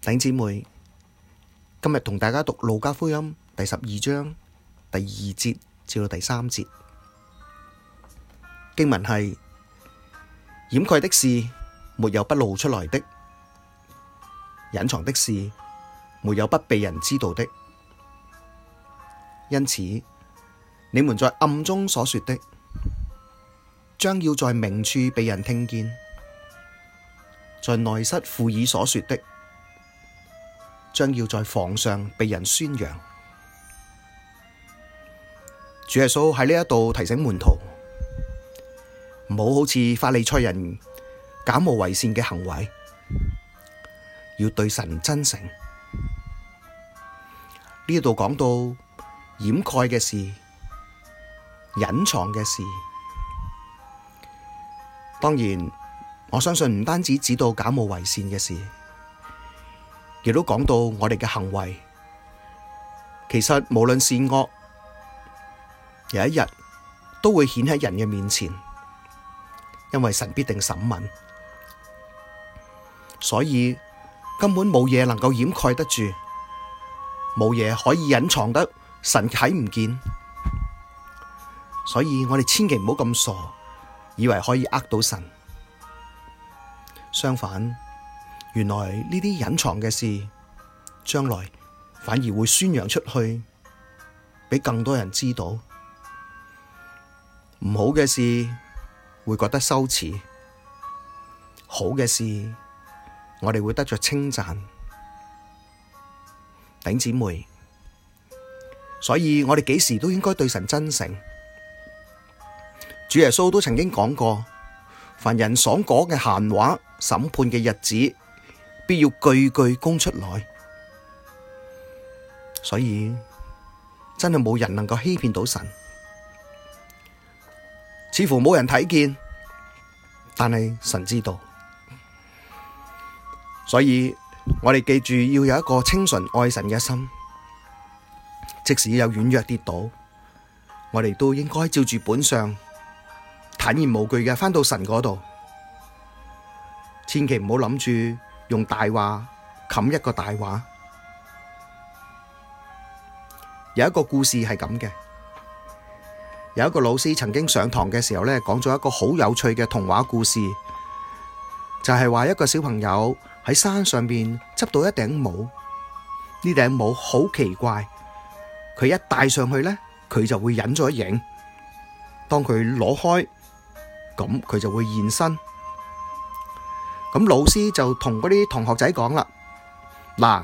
弟姐妹，今日同大家讀《路加福音》第十二章第二節至到第三節，經文係掩蓋的事沒有不露出來的，隱藏的事沒有不被人知道的。因此，你們在暗中所說的，將要在明處被人聽見；在內室附耳所說的，將要在房上被人宣揚。主耶穌喺呢一度提醒門徒，唔好好似法利賽人假冒為善嘅行為，要對神真誠。呢度講到掩蓋嘅事、隱藏嘅事，當然我相信唔單止指到假冒為善嘅事。亦都講到我哋嘅行為，其實無論善惡，有一日都會顯喺人嘅面前，因為神必定審問，所以根本冇嘢能夠掩蓋得住，冇嘢可以隱藏得神睇唔見，所以我哋千祈唔好咁傻，以為可以呃到神，相反。原來呢啲隱藏嘅事，將來反而會宣揚出去，畀更多人知道。唔好嘅事會覺得羞恥，好嘅事我哋會得着稱讚。頂姊妹，所以我哋幾時都應該對神真誠。主耶穌都曾經講過，凡人所講嘅閒話，審判嘅日子，必要句句供出來，所以真係冇人能夠欺騙到神，似乎冇人睇見，但係神知道，所以我哋記住要有一個清純愛神嘅心，即使有軟弱跌倒，我哋都應該照住本相，坦然無懼嘅翻到神嗰度，千祈唔好諗住。用大話冚一個大話，有一個故事係咁嘅。有一個老師曾經上堂嘅時候咧，講咗一個好有趣嘅童話故事，就係話一個小朋友喺山上邊執到一頂帽，呢頂帽好奇怪，佢一戴上去咧，佢就會隱咗影，當佢攞開，咁佢就會現身。咁老師就同嗰啲同學仔講啦，嗱，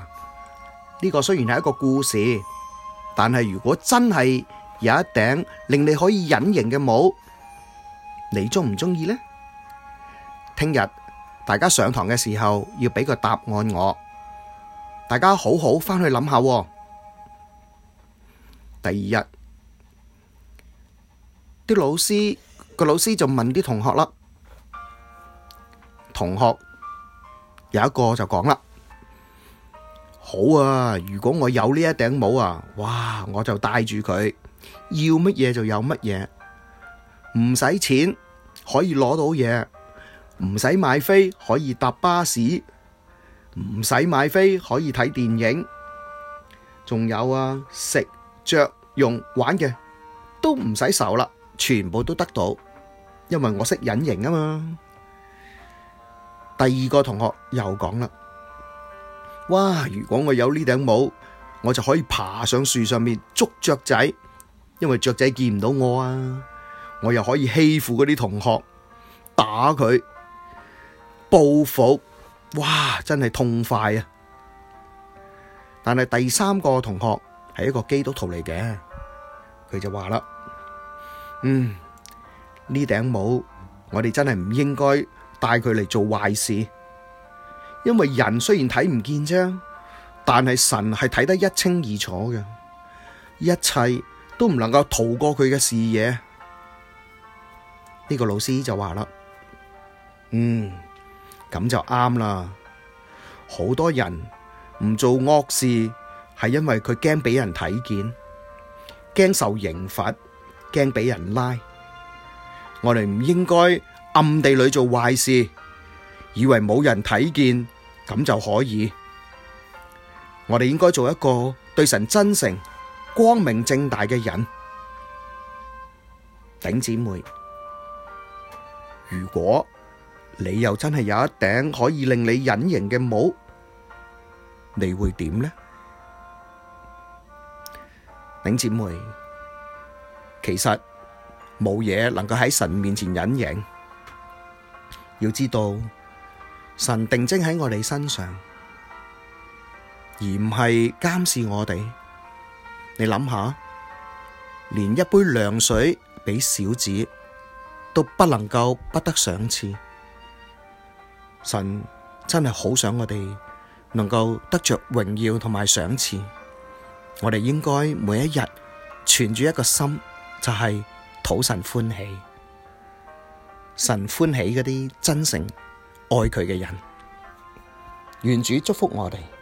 呢個雖然係一個故事，但係如果真係有一頂令你可以隱形嘅帽，你鍾唔鍾意呢？聽日大家上堂嘅時候要畀個答案我，大家好好返去諗下。第二日，啲老師個老師就問啲同學啦。同學有一個就講啦，好啊！如果我有呢一頂帽啊，哇！我就戴住佢，要乜嘢就有乜嘢，唔使錢可以攞到嘢，唔使買飛可以搭巴士，唔使買飛可以睇電影，仲有啊食着用玩嘅都唔使愁啦，全部都得到，因為我識隱形啊嘛。第二個同學又講啦，哇！如果我有呢頂帽，我就可以爬上樹上面捉雀仔，因為雀仔見唔到我啊，我又可以欺負嗰啲同學，打佢，報復，哇！真係痛快啊！但係第三個同學係一個基督徒嚟嘅，佢就話啦，嗯，呢頂帽我哋真係唔應該。帶佢嚟做壞事，因為人雖然睇唔見啫，但係神係睇得一清二楚嘅，一切都唔能夠逃過佢嘅視野。呢、這個老師就話啦，嗯，咁就啱啦。好多人唔做惡事，係因為佢驚俾人睇見，驚受刑罰，驚俾人拉。我哋唔應該。暗地裏做壞事，以為冇人睇見，咁就可以。我哋應該做一個對神真誠、光明正大嘅人。頂姊妹，如果你又真係有一頂可以令你隱形嘅帽，你會點呢？頂姊妹，其實冇嘢能夠喺神面前隱形。要知道，神定睛喺我哋身上，而唔係監視我哋。你諗下，連一杯涼水畀小子都不能夠不得賞賜。神真係好想我哋能夠得着榮耀同埋賞賜。我哋應該每一日存住一個心，就係討神歡喜。神歡喜嗰啲真誠愛佢嘅人，願主祝福我哋。